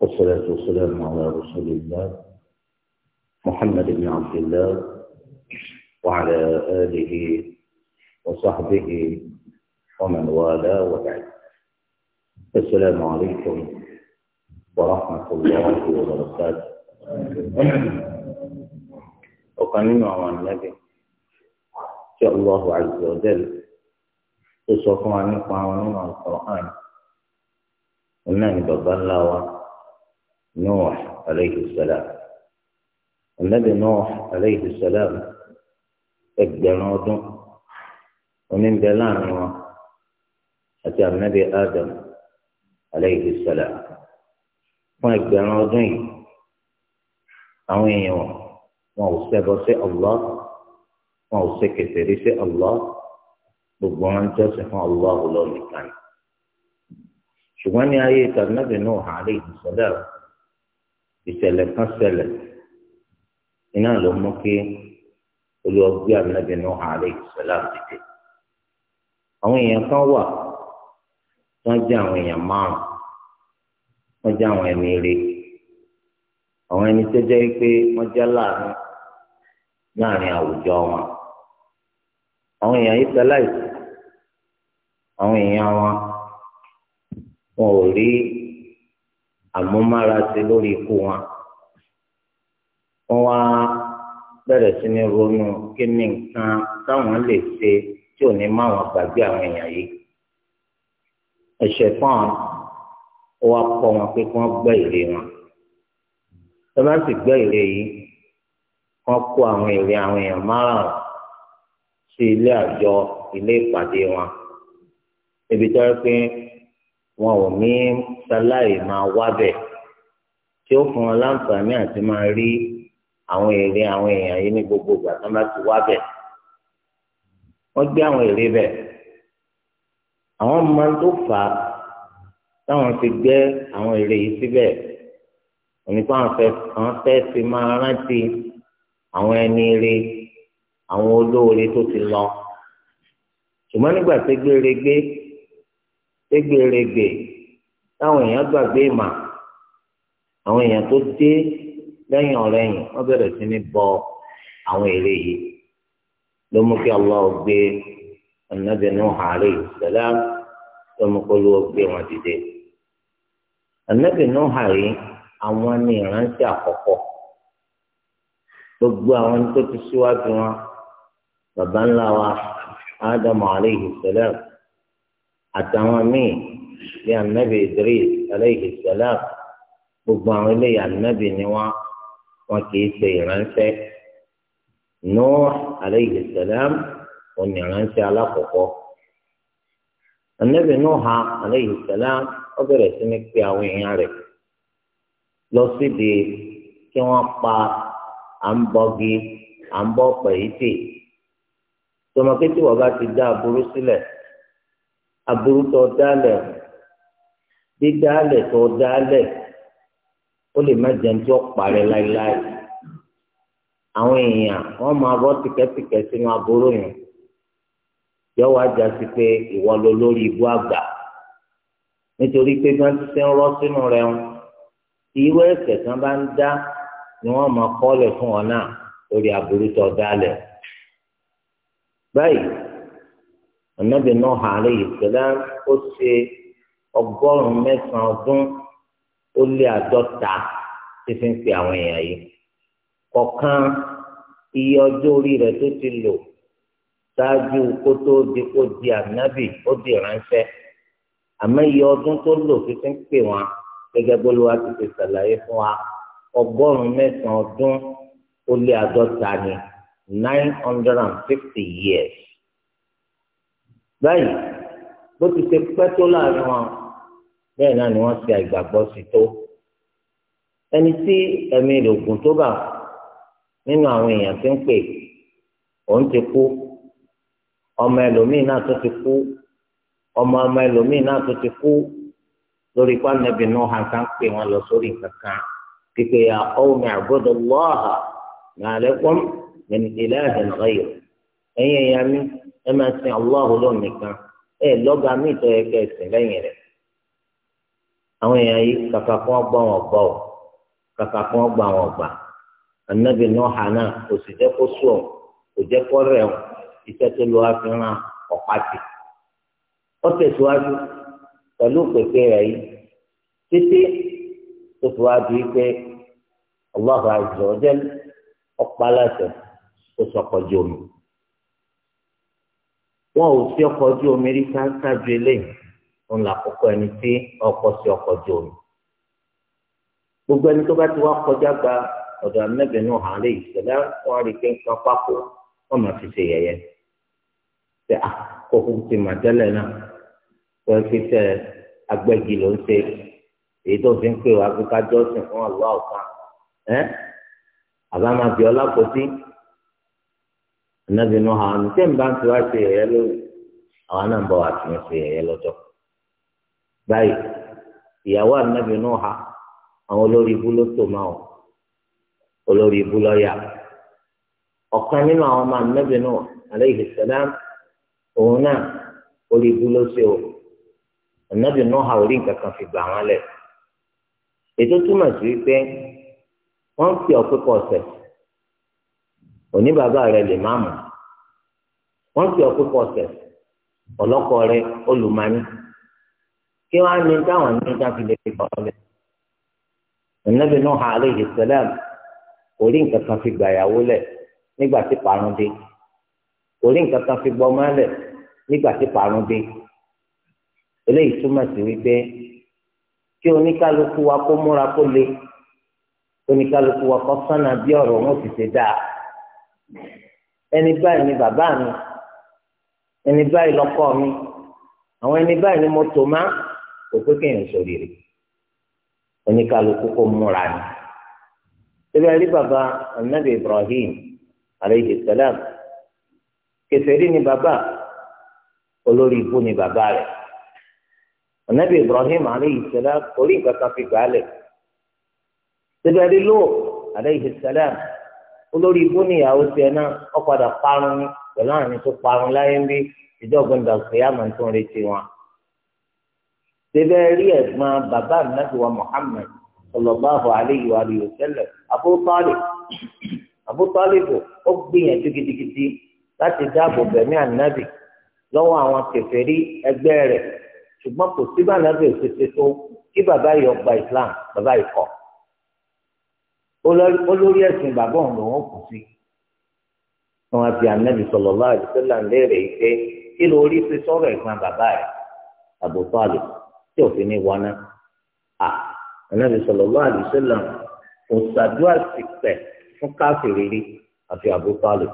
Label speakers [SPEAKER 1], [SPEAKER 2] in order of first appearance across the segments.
[SPEAKER 1] والصلاة والسلام على رسول الله محمد بن عبد الله وعلى آله وصحبه ومن والاه وبعد السلام عليكم ورحمة الله وبركاته وقنين عن النبي إن شاء الله عز وجل تصفوا عن القرآن والنبي بابا الله نوح عليه السلام النبي نوح عليه السلام الجنود ومن دلانه أتى النبي آدم عليه السلام والجنود أوين وأوسبه سي الله وأوسكتري سي الله gbogbo wọn jọ́sìn fún Allah lọ́nìkan ṣùgbọ́n ní ayé tàbí nàbì Nuh alayhi salam ìṣẹ̀lẹ̀ kan ṣẹlẹ̀ iná ló mú kí olùwàgbé ànábì Nuh alayhi salam dìde àwọn èèyàn kan wà wọ́n jẹ́ àwọn èèyàn márùn wọ́n jẹ́ àwọn ẹni rè àwọn ẹni tó jẹ́ pé wọ́n jẹ́ láàánú láàrin àwùjọ wọn àwọn èèyàn yìí ṣaláìsí àwọn èèyàn wọn wọn ò rí àmúmára sí lórí ikú wọn wọn wá bẹ̀rẹ̀ sí ní ronú kí ni nǹkan táwọn lè ṣe tí ò ní má wọn gbàgbé àwọn èèyàn yìí ẹ̀ṣẹ̀ fún ọ wá kọ́ wọn pé kí wọ́n gbẹ́ ère wọn tó bá sì gbẹ́ ère yìí wọ́n kó àwọn ère àwọn èèyàn márùn-ún sí ilé àjọ ilé ìpàdé wọn ibi tó yẹ pé wọn ò ní sáláì máa wá bẹ̀ tí ó fún wọn láǹfààní àti máa rí àwọn èrè àwọn èèyàn yìí ní gbogbo ìgbà tí wọn bá ti wá bẹ̀ wọn gbé àwọn èrè bẹ̀ àwọn máa tó fà á táwọn ti gbé àwọn èrè yìí síbẹ̀ onípa àwọn fẹ́ fi máa rántí àwọn ẹni rí àwọn olóore tó ti lọ ṣùgbọ́n nígbà tí gbére gbé. gbégbèrègbè táwọn èèyàn gbàgbé mà àwọn èèyàn tó dé lẹ́yìn ọ̀rẹ́yìn wọ́n bẹ̀rẹ̀ sí ní bọ àwọn èrè yìí ló mú kí Allah gbé Ànábì Nuh alayhi salam mú kó gbé wọn dìde àwọn ní gbogbo àwọn tó baba ńlá wa Adamu, alayhi àtàwọn míì bí anabi idris aleyhi salam gbogbo àwọn eléyìí anabi ni wọn wọn kì í ṣe ìránṣẹ́ nuh aleyhi salam oníránṣẹ́ alákọ̀ọ́kọ́ anabi nuh aleyhi salam ó bẹ̀rẹ̀ sí ní pé àwọn èèyàn rẹ̀ lọ síbi kí wọ́n pa àǹbọ̀gì àǹbọ̀pẹ̀ yìí tọmọkẹ́tì wọ́n bá ti dá aburú sílẹ̀. Si aburú tó dálẹ̀ dídálẹ̀ tó dálẹ̀ ó lè má jẹun tí ó parẹ́ láéláé àwọn èèyàn wọn máa bọ́ tìkẹ́tìkẹ́ sínú aburú yẹn yọwọ ajá sí pé ìwọ ló lórí ibú àgbà nítorí pé bí wọn ti ṣe ń rọ sínú rẹ ń irú ẹ̀ṣẹ̀ tí wọn bá ń dá ni wọn máa kọ́lẹ̀ fún ọ náà lórí aburú tó dálẹ̀ báyìí. Ànábì Nuh alayhi salam ó ṣe ọgọ́rùn-ún mẹ́sàn-án ọdún ó lé àádọ́ta tí fi ń pe àwọn èèyàn yìí kọ̀ọ̀kan iye ọjọ́ orí rẹ̀ tó ti lò ṣáájú kó tó di kó di ànábì ó di ránṣẹ́ àmọ́ iye ọdún tó lò fi fi ń pè wọ́n gẹ́gẹ́ bó ló wá ti fi ṣàlàyé fún wa ọgọ́rùn-ún án ọdún ó lé àádọ́ta ni nine hundred and fifty years báyìí bó ti ṣe pẹ́ tó láàrin wọn bẹ́ẹ̀ náà ni wọ́n ṣe àìgbàgbọ́ sí tó ẹni tí ẹ̀mí ìlògùn tó bà nínú àwọn èèyàn ti ń pè òun ti kú ọmọ ẹlòmíín náà tó ti kú ọmọ ọmọ ẹlòmíín náà tó ti kú lórí ipá náà hàn ká ń pè wọn lọ sórí kankan kíkẹ́ ya qawmi i'budullaha ma lakum min ilahin ghayruh ẹ̀yin ẹ̀yà mi ẹ máa sin Allahu lọ́ọ̀ nìkan ẹ lọ́gàá mí ìtọ́ yẹ kẹ́ ẹ sìn lẹ́yìn rẹ̀ àwọn èèyàn yìí kàkà kí wọ́n gbọ́ wọn gbọ́ ọ kàkà kí wọ́n gbà wọn gbà anabi nọ́ọ̀hà náà kò sì jẹ́ kó sùn ọ kò jẹ́ kó rẹ̀ ọ iṣẹ́ tó lọ àfihàn ọ̀pá ti ó tẹ̀síwájú pẹ̀lú pèpè rẹ̀ yìí títí tó fi wá di pé Allahu azza wa jalla láṣẹ kó sọkọ̀ jòmù wọn ò sí ọkọ̀ ojú omi rí ṣáájú eléyìí òun làkọ́kọ́ ẹni tí ọkọ̀ sí ọkọ̀ ojú omi gbogbo ẹni tó bá ti wá kọjá gba ọ̀dọ̀ amẹ́bẹ̀ẹ́nù àárẹ̀ ìṣẹ̀lẹ̀ wọn rí pé nǹkan pákó wọn máa fi ṣe yẹ̀yẹ́ ṣe àkókò ah, ti mà tẹ́lẹ̀ náà wọ́n fi tẹ agbẹ́gi ló ń ṣe èyí tó fi ń pè wá gbé kájọ́sìn fún àlọ́ ọ̀kan ẹ́ àbámabíọ́lá kò sí ànábì nù hàn ní tẹ́ ń bá ń fi wá ṣe ẹ̀yẹ lórí àwọn náà ń bọ̀ wá tún ṣe ẹ̀yẹ lọ́jọ́ báyìí ìyàwó ànábì nù hàn àwọn olórí ibú ló tò máa wọn olórí ibú lọ́yà ọ̀kan nínú àwọn ọmọ ànábì nù alayhi salam òun náà olórí ibú ló ṣe o ànábì nù hàn orí nǹkan kan fi gbà wọn lẹ̀ ètò túmọ̀ sí pé wọ́n ń pè ọ́ pé òní bàbá rẹ lè má mọ̀ wọ́n fi ọ̀pẹ́ pọ̀sẹ̀ ọ̀lọ́kọ rẹ olùmọ̀ọ́ni kí wọ́n á ní táwọn ní ká fi lè fi kọ́ lẹ̀. Ànábì Nuh alayhi salam kò rí nǹkan kan fi gbàyàwó lẹ̀ nígbà tí parun dé kò rí nǹkan kan fi gbọmọ lẹ̀ nígbà tí parun dé eléyìí túmọ̀ sí wípé kí oníkálukú wa kó múra kó le oníkálukú wa kó sánà bí ọ̀rọ̀ wọn ti ṣe dáa ẹni báyìí ni bàbá mi ẹni báyìí lọ́kọ mi àwọn ẹni báyìí ni mo tò má kò pé kéèyàn sọ̀rọ̀ rẹ̀ oníkàlùkù kò múra ni. Ṣébí rí bàbá Anabi Ibrahim alayhi salam kèfèrí ni bàbá olórí ibú ni bàbá rẹ̀. Anabi Ibrahim alayhi salam orí nǹkan kan fi gbàálẹ̀. Ṣébí rí lóò alayhi salam olórí ibú ni ìyàwó tiẹ̀ náà wọ́n padà parun pẹ̀lú àrùn tó parun láyé ń bí ìjọgbọ́n dàgbéyà máa ń tún retí wọn. Bébẹ́ rí ẹ̀gbọ́n bàbá Nàbí Mùhàmmad sallallahu alayhi wa alihi wa Abu Talib Abu Talib ó gbìyànjú gidigidi láti dáàbò bẹ̀mí ànábì lọ́wọ́ àwọn kèfèrí ẹgbẹ́ rẹ̀ ṣùgbọ́n kò síbà nábì òṣèṣe tó kí bàbá yọ gba Islam bàbá yìí olórí ẹ̀sìn bàbá òun lòun kù sí wọn fi ànábì sallallahu alaihi wasallam léèrè pé kí ló rí sí sọ̀rọ̀ ẹ̀gbọ́n bàbá rẹ̀ Abu Talib tí òfin ní wọná à ànábì sallallahu alaihi wasallam òṣàdúrà sì pẹ̀ fún káfíìrì rí àfi Abu Talib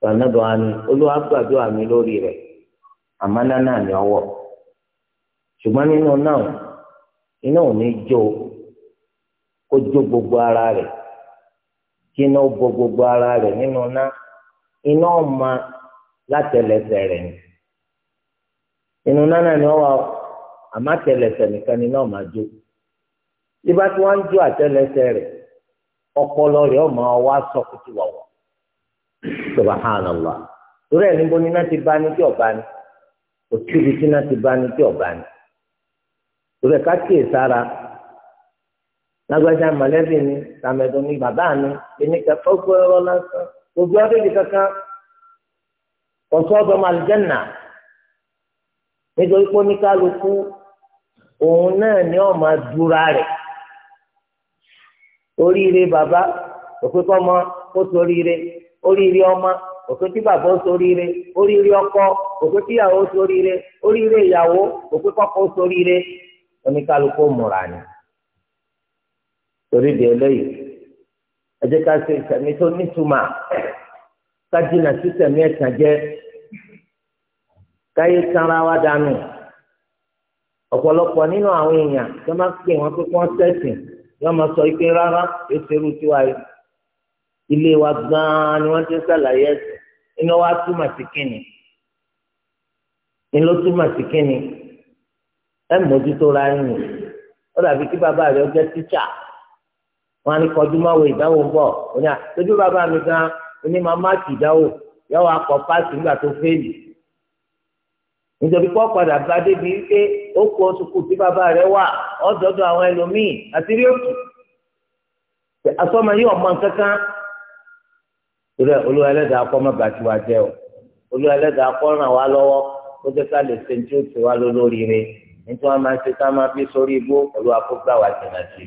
[SPEAKER 1] tànàbọ̀ánì olúwa gbàdúrà mi lórí rẹ̀ àmánà náà ni ọwọ́ ṣùgbọ́n nínú náà iná ò ní jó o. kó jó gbogbo ara rẹ̀ kí iná bo gbogbo ara rẹ̀ nínú iná ọ̀ma rẹ̀ ni inú nánà ni wọ́n wà nìkan ni náà máa jó tí bá tí wọ́n ń jó àtẹlẹsẹ̀ rẹ̀ ọpọlọ rẹ̀ ọmọ wa sọ kùtù wọ̀wọ̀ subahánàlá torí ẹ̀ níbo níná ti bá ní tí ni tí ti bá ní lágbájá mọ̀lẹ́bí ni tàmẹ̀dọ̀ ni bàbá mi èmi kẹfọ́ gbọ́rọ́ lásán gbogbo abébi kankan ọ̀sọ́ ọ̀dọ́mọ àlùjẹ́nà nítorí pé oníkálukú òun náà ni ọ̀ máa dúra rẹ̀ oríire bàbá òpin mọ́ ó soríire oríire ọmọ bàbá ó soríire oríire ọkọ ó oríire ìyàwó ó oníkálukú ni. torí di eléyìí ẹ jẹ́ ká ṣe ìsẹ̀mí tó nítumọ̀ ká jìnnà sí sẹ̀mí ẹ̀tàn jẹ́ káyé sanra wa dànù ọ̀pọ̀lọpọ̀ nínú àwọn èèyàn tó máa pè wọ́n pé wọ́n sẹ̀sìn wọ́n máa sọ ike rárá eṣeru tiwa yìí ilé wa gan-an ni wọ́n ti ń ṣàlàyé ẹ̀sìn iná wa túmọ̀ sí kínni iná túmọ̀ sí kínni ẹ̀ mójútó ra yín ó dàbí kí bàbá rẹ̀ ó jẹ́ tíṣà wọn á ní kọjú máa wo ìdánwò ń bọ̀ òní àtọ́jú bàbá mi gan oní máa kọ nígbà tó fẹ́ẹ̀lì nítorí padà bá débi wípé ó kó sùkú tí bàbá rẹ wà ọ̀dọ́dọ̀ àwọn ẹlòmíì àti rí ọmọ kankan rẹ olúwa wa o olúwa ràn wá kó ká lè ṣe ní tí